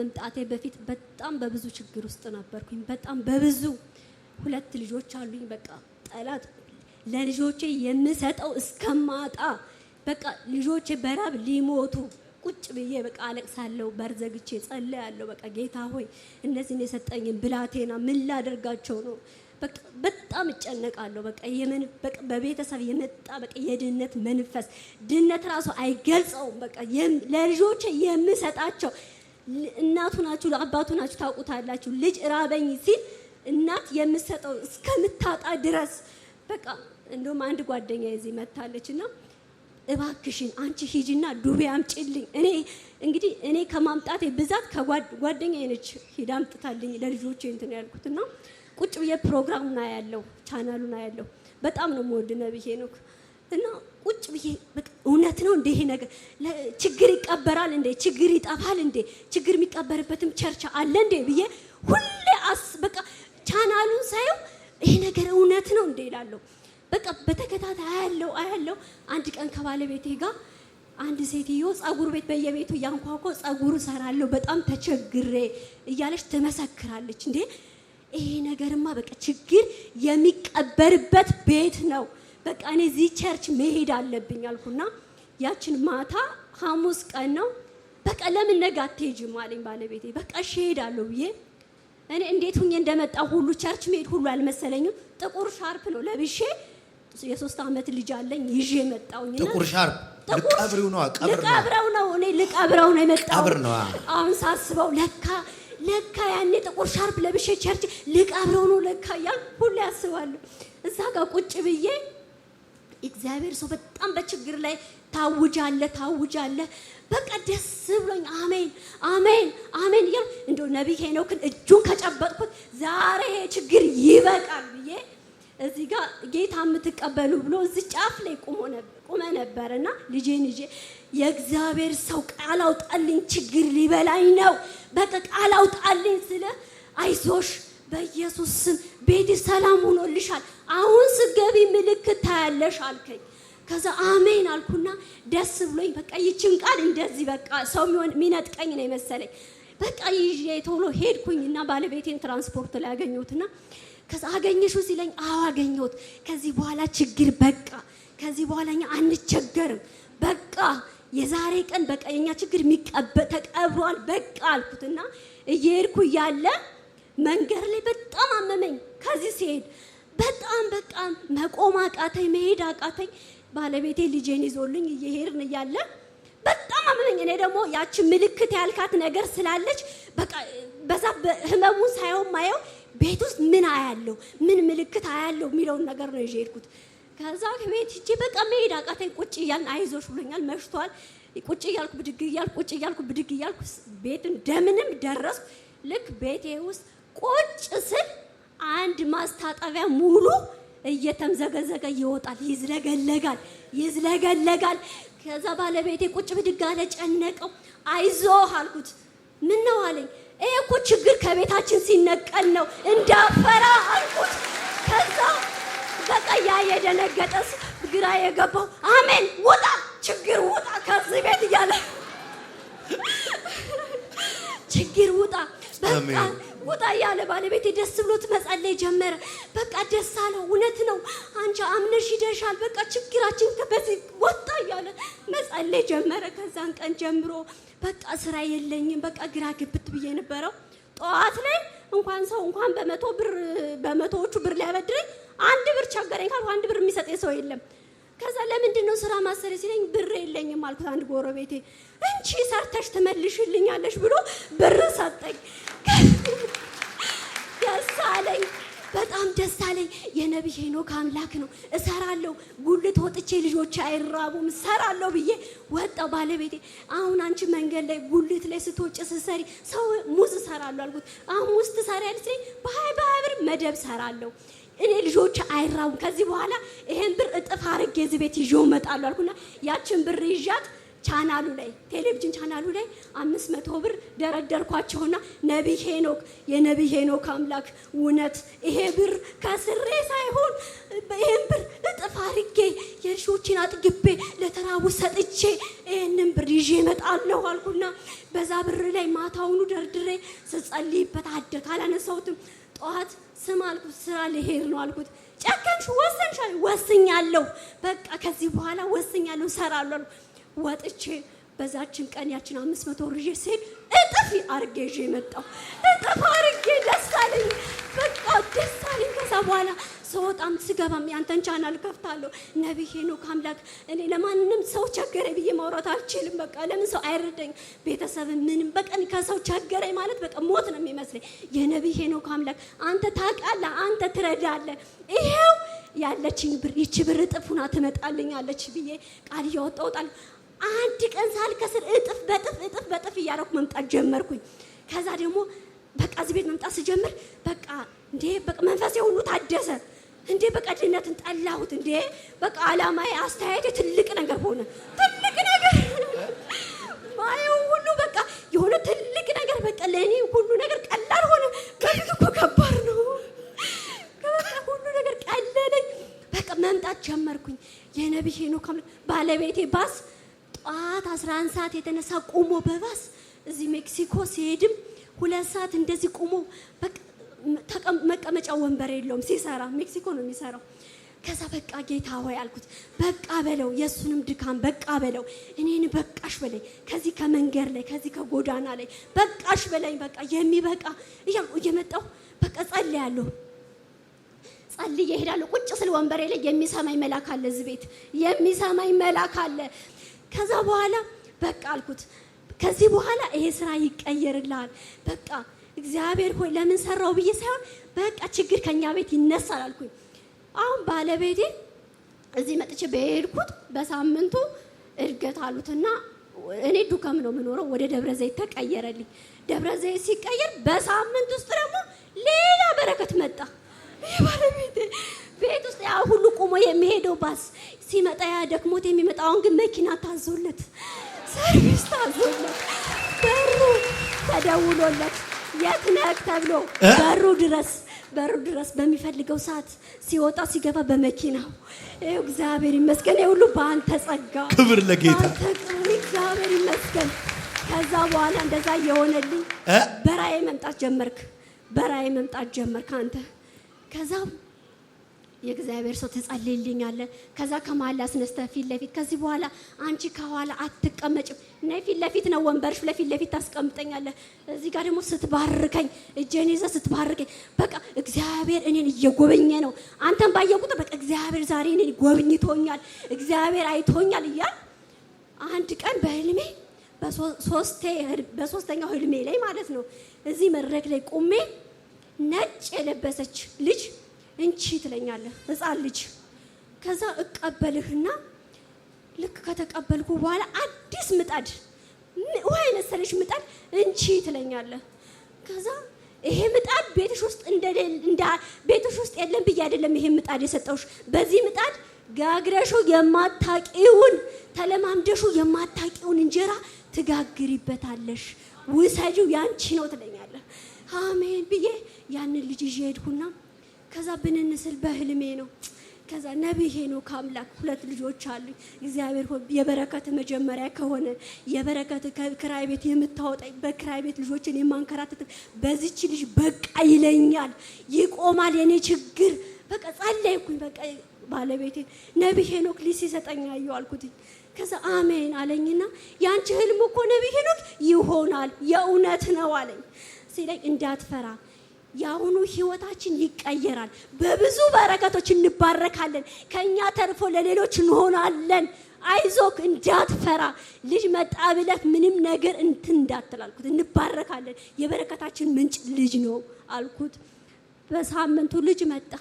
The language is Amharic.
ከመምጣቴ በፊት በጣም በብዙ ችግር ውስጥ ነበርኩኝ። በጣም በብዙ ሁለት ልጆች አሉኝ። በቃ ጠላት ለልጆቼ የምሰጠው እስከማጣ በቃ ልጆቼ በራብ ሊሞቱ ቁጭ ብዬ በቃ አለቅሳለሁ። በርዘግቼ ዘግቼ በቃ ጌታ ሆይ እነዚህን የሰጠኝን ብላቴና ምን ላደርጋቸው ነው? በጣም እጨነቃለሁ። በቃ በቃ በቤተሰብ የመጣ በቃ የድህነት መንፈስ ድህነት ራሱ አይገልጸውም። በቃ ለልጆቼ የምሰጣቸው እናቱ ናችሁ፣ ለአባቱ ናችሁ፣ ታውቁታላችሁ። ልጅ ራበኝ ሲል እናት የምትሰጠው እስከምታጣ ድረስ በቃ እንደውም አንድ ጓደኛ የዚህ መታለች እና እባክሽን አንቺ ሂጂና ዱቤ አምጪልኝ። እኔ እንግዲህ እኔ ከማምጣቴ ብዛት ከጓደኛ ነች ሂዳ አምጥታልኝ ለልጆች እንትን ያልኩትና ቁጭ ብዬ ፕሮግራሙን አያለሁ፣ ቻናሉን አያለሁ። በጣም ነው የምወድ ነብይ ሄኖክ እና ቁጭ ብዬ እውነት ነው እንደ ይሄ ነገር ችግር ይቀበራል እንዴ? ችግር ይጠፋል እንዴ? ችግር የሚቀበርበትም ቸርች አለ እንዴ? ብዬ ሁሌ አስ በቃ ቻናሉን ሳየው ይሄ ነገር እውነት ነው እንዴ ይላለሁ። በቃ በተከታታይ አያለው አያለው። አንድ ቀን ከባለቤቴ ጋር አንድ ሴትዮ ጸጉር ቤት በየቤቱ እያንኳኳ ጸጉር እሰራለሁ በጣም ተቸግሬ እያለች ትመሰክራለች። እንዴ ይሄ ነገርማ በቃ ችግር የሚቀበርበት ቤት ነው በቃ እኔ እዚህ ቸርች መሄድ አለብኝ አልኩና ያችን ማታ ሐሙስ ቀን ነው። በቃ ለምን ነገ አትሄጂም አለኝ ባለቤቴ። በቃ እሺ እሄዳለሁ ብዬ እኔ እንዴት ሁኜ እንደመጣ ሁሉ ቸርች መሄድ ሁሉ አልመሰለኝም። ጥቁር ሻርፕ ነው ለብሼ የሶስት ዓመት ልጅ አለኝ ይዤ መጣሁኝ። ጥቁር ሻርፕ ልቀብረው ነው ልቀብረው ነው እኔ ልቀብረው ነው የመጣሁት። አሁን ሳስበው ለካ ለካ ያኔ ጥቁር ሻርፕ ለብሼ ቸርች ልቀብረው ነው ለካ እያልኩ ሁሉ ያስባለሁ። እዛ ጋር ቁጭ ብዬ እግዚአብሔር ሰው በጣም በችግር ላይ ታውጃለ ታውጃለ። በቃ ደስ ብሎኝ አሜን አሜን አሜን እያሉ እንደው ነቢይ ሄኖክን እጁን ከጨበጥኩት ዛሬ ችግር ይበቃል ብዬ እዚህ ጋር ጌታ የምትቀበሉ ብሎ እዚህ ጫፍ ላይ ቁመ ነበር እና ልጄን ይዤ የእግዚአብሔር ሰው ቃል አውጣልኝ፣ ችግር ሊበላኝ ነው። በቃ ቃል አውጣልኝ ስለ አይዞሽ በኢየሱስ ስም ቤቲ ሰላም ሆኖልሻል፣ አሁን ስገቢ ምልክት ታያለሽ አልከኝ። ከዛ አሜን አልኩና ደስ ብሎኝ በቃ ይችን ቃል እንደዚህ በቃ ሰው የሚነጥቀኝ ነው የመሰለኝ። በቃ ይዤ ቶሎ ሄድኩኝና ባለቤቴን ትራንስፖርት ላይ አገኘሁትና ከዛ አገኘሽው ሲለኝ አዎ አገኘሁት። ከዚህ በኋላ ችግር በቃ ከዚህ በኋላ እኛ አንቸገርም በቃ የዛሬ ቀን በቃ የኛ ችግር ተቀብሯል በቃ አልኩትና እየሄድኩ እያለ መንገድ ላይ በጣም አመመኝ። ከዚህ ሲሄድ በጣም በጣም መቆም አቃተኝ፣ መሄድ አቃተኝ። ባለቤቴ ልጄን ይዞልኝ እየሄድን እያለ በጣም አመመኝ። እኔ ደግሞ ያቺ ምልክት ያልካት ነገር ስላለች በዛ ህመሙን ሳይሆን ማየው ቤት ውስጥ ምን አያለው ምን ምልክት አያለው የሚለውን ነገር ነው ይዤ ሄድኩት። ከዛ ቤት ሂጄ በቃ መሄድ አቃተኝ። ቁጭ እያልን አይዞሽ ብሎኛል፣ መሽቷል። ቁጭ እያልኩ ብድግ እያልኩ ቁጭ እያልኩ ብድግ እያልኩ ቤትን እንደምንም ደረስኩ። ልክ ቤቴ ውስጥ ቁጭ ስል አንድ ማስታጠቢያ ሙሉ እየተምዘገዘገ ይወጣል፣ ይዝለገለጋል፣ ይዝለገለጋል። ከዛ ባለቤቴ ቁጭ ብድግ አለ፣ ጨነቀው። አይዞህ አልኩት። ምን ነው አለኝ። ይሄ እኮ ችግር ከቤታችን ሲነቀል ነው እንዳፈራ አልኩት። ከዛ በቃ ያ የደነገጠ ግራ የገባው አሜን፣ ውጣ ችግር ውጣ ከዚህ ቤት እያለ ችግር ውጣ በቃ ውጣ እያለ ባለቤቴ ደስ ብሎት መጸለይ ጀመረ። በቃ ደስ አለው። እውነት ነው አንቺ አምነሽ ይደሻል በቃ ችግራችን ከበዚ ወጣ እያለ መጸለይ ጀመረ። ከዛን ቀን ጀምሮ በቃ ስራ የለኝም በቃ ግራ ግብት ብዬ ነበረው። ጠዋት ላይ እንኳን ሰው እንኳን በመቶ ብር በመቶዎቹ ብር ሊያበድረኝ አንድ ብር ቸገረኝ ካልኩ አንድ ብር የሚሰጠኝ ሰው የለም። ከዛ ለምንድን ነው ስራ ማሰሪ ሲለኝ ብር የለኝም አልኩት። አንድ ጎረቤቴ እንቺ ሰርተሽ ትመልሽልኛለሽ ብሎ ብር ሰጠኝ። ደስ አለኝ፣ በጣም ደስ አለኝ። የነቢይ ሄኖክ አምላክ ነው። እሰራለሁ፣ ጉልት ወጥቼ ልጆች አይራቡም፣ እሰራለሁ ብዬ ወጣው። ባለቤቴ አሁን አንቺ መንገድ ላይ ጉልት ላይ ስትወጭ ስትሰሪ ሰው ሙዝ እሰራለሁ አልኩት። አሁን ሙዝ ትሰሪያለሽ ሲለኝ በሀይ በሀይ ብር መደብ እሰራለሁ እኔ ልጆች አይራቡም። ከዚህ በኋላ ይሄን ብር እጥፍ አድርጌ እዚህ ቤት ይዤው እመጣለሁ አልኩና ያችን ብር ይዣት ቻናሉ ላይ ቴሌቪዥን ቻናሉ ላይ አምስት መቶ ብር ደረደርኳቸውና ነቢ ሄኖክ የነቢ ሄኖክ አምላክ እውነት ይሄ ብር ከስሬ ሳይሆን ይህን ብር እጥፍ አድርጌ የእርሾችን አጥግቤ ለተራቡ ሰጥቼ ይህንን ብር ይዤ እመጣለሁ አልኩና በዛ ብር ላይ ማታውኑ ደርድሬ ስጸልይበት አደግ አላነሳሁትም። ጠዋት ስም አልኩት፣ ስራ ልሄድ ነው አልኩት። ጨከንሽ ወሰንሻል? ወስኛለሁ፣ በቃ ከዚህ በኋላ ወስኛለሁ፣ እሰራለሁ። ወጥቼ በዛችን ቀን ያችን አምስት መቶ ርዤ ሲሄድ ስሄድ እጥፍ አርጌ ይዤ መጣሁ። እጥፍ አርጌ ደስ አለኝ፣ በቃ ደስ አለኝ። ከዛ በኋላ ስወጣም ስገባም ያንተን ቻናል ከፍታለሁ። ነቢይ ሄኖክ አምላክ እኔ ለማንም ሰው ቸገረ ብዬ ማውራት አልችልም። በቃ ለምን ሰው አይረዳኝ ቤተሰብ ምንም በቀን ከሰው ቸገረኝ ማለት በቃ ሞት ነው የሚመስለኝ። የነቢይ ሄኖክ አምላክ አንተ ታውቃለህ፣ አንተ ትረዳለህ። ይሄው ያለችኝ ብር ይቺ ብር እጥፍ ሁና ትመጣልኛለች ብዬ ቃል እያወጣሁ አንድ ቀን ሳልከስር እጥፍ በጥፍ እጥፍ በጥፍ እያደረኩ መምጣት ጀመርኩኝ። ከዛ ደግሞ በቃ እዚህ ቤት መምጣት ስጀምር በቃ እንዴ በቃ መንፈሴ ሁሉ ታደሰ። እንዴ በቀድነትን ጠላሁት። እንዴ በቃ አላማዬ አስተያየቴ ትልቅ ነገር ሆነ። ትልቅ ነገር ማየው ሁሉ በቃ የሆነ ትልቅ ነገር በቃ ለእኔ ሁሉ ነገር ቀላል ሆነ። በፊት እኮ ከባድ ነው። ሁሉ ነገር ቀለለኝ። በቃ መምጣት ጀመርኩኝ። የነቢይ ሄኖክ ባለቤቴ ባስ ጠዋት 11 ሰዓት የተነሳ ቆሞ በባስ እዚህ ሜክሲኮ ሲሄድም ሁለት ሰዓት እንደዚህ ቆሞ በቃ መቀመጫ ወንበር የለውም ሲሰራ፣ ሜክሲኮ ነው የሚሰራው። ከዛ በቃ ጌታ ሆይ አልኩት፣ በቃ በለው የእሱንም ድካም በቃ በለው እኔን በቃሽ በለኝ፣ ከዚህ ከመንገድ ላይ ከዚህ ከጎዳና ላይ በቃሽ በለኝ፣ በቃ የሚበቃ እያልኩ እየመጣሁ በቃ ጸልያለሁ። ጸልዬ እሄዳለሁ። ቁጭ ስል ወንበሬ ላይ የሚሰማኝ መላክ አለ፣ እዚህ ቤት የሚሰማኝ መላክ አለ። ከዛ በኋላ በቃ አልኩት፣ ከዚህ በኋላ ይሄ ስራ ይቀየርልሃል በቃ እግዚአብሔር ሆይ ለምን ሰራው ብዬ ሳይሆን በቃ ችግር ከኛ ቤት ይነሳል አልኩኝ። አሁን ባለቤቴ እዚህ መጥቼ በሄድኩት በሳምንቱ እድገት አሉትና እኔ ዱከም ነው የምኖረው። ወደ ደብረ ዘይት ተቀየረልኝ። ደብረ ዘይት ሲቀየር በሳምንት ውስጥ ደግሞ ሌላ በረከት መጣ። ባለቤቴ ቤት ውስጥ ያ ሁሉ ቁሞ የሚሄደው ባስ ሲመጣ ያ ደክሞት የሚመጣ አሁን ግን መኪና ታዞለት፣ ሰርቪስ ታዞለት፣ በሩ ተደውሎለት የት ነህ ተብሎ በሩ ድረስ በሩ ድረስ በሚፈልገው ሰዓት ሲወጣ ሲገባ በመኪናው እግዚአብሔር ይመስገን። የሁሉ በአንተ ጸጋ፣ ክብር ለጌታ እግዚአብሔር ይመስገን። ከዛ በኋላ እንደዛ የሆነልኝ በራእይ መምጣት ጀመርክ፣ በራእይ መምጣት ጀመርክ አንተ ከዛ የእግዚአብሔር ሰው ትጸልይልኛለህ። ከዛ ከመሀል አስነስተህ ፊት ለፊት ከዚህ በኋላ አንቺ ከኋላ አትቀመጭም፣ ነይ ፊት ለፊት ነው ወንበርሽ፣ ለፊት ለፊት ታስቀምጠኛለ። እዚህ ጋር ደግሞ ስትባርከኝ፣ እጄን ይዘ ስትባርከኝ፣ በቃ እግዚአብሔር እኔን እየጎበኘ ነው። አንተን ባየ ቁጥር በቃ እግዚአብሔር ዛሬ እኔን ጎብኝቶኛል፣ እግዚአብሔር አይቶኛል እያል አንድ ቀን በህልሜ በሶስተኛው ህልሜ ላይ ማለት ነው እዚህ መድረክ ላይ ቁሜ ነጭ የለበሰች ልጅ እንቺ ትለኛለህ ህፃን ልጅ። ከዛ እቀበልህና ልክ ከተቀበልኩ በኋላ አዲስ ምጣድ ውሃ የመሰለች ምጣድ እንቺ ትለኛለህ። ከዛ ይሄ ምጣድ ቤትሽ ውስጥ ቤትሽ ውስጥ የለም ብዬ አይደለም ይሄ ምጣድ የሰጠውሽ። በዚህ ምጣድ ጋግረሹ የማታቂውን ተለማምደሹ የማታቂውን እንጀራ ትጋግሪበታለሽ። ውሰጂው ያንቺ ነው ትለኛለህ። አሜን ብዬ ያንን ልጅ ይዤ ሄድኩና ከዛ ብንንስል በህልሜ ነው። ከዛ ነብይ ሄኖክ አምላክ ሁለት ልጆች አሉ። እግዚአብሔር ሆይ የበረከት መጀመሪያ ከሆነ የበረከት ከክራይ ቤት የምታወጣኝ በክራይ ቤት ልጆችን የማንከራተት በዚች ልጅ በቃ ይለኛል፣ ይቆማል የኔ ችግር። በቃ ጸለይኩኝ። በቃ ባለቤቴ ነብይ ሄኖክ ሊስ ይሰጠኛ አልኩት። ከዛ አሜን አለኝና ያንቺ ህልም እኮ ነብይ ሄኖክ ይሆናል የእውነት ነው አለኝ ሲለኝ እንዳትፈራ የአሁኑ ህይወታችን ይቀየራል። በብዙ በረከቶች እንባረካለን። ከእኛ ተርፎ ለሌሎች እንሆናለን። አይዞክ እንዳትፈራ ልጅ መጣ ብለህ ምንም ነገር እንትን እንዳትል እንባረካለን። የበረከታችን ምንጭ ልጅ ነው አልኩት። በሳምንቱ ልጅ መጣ።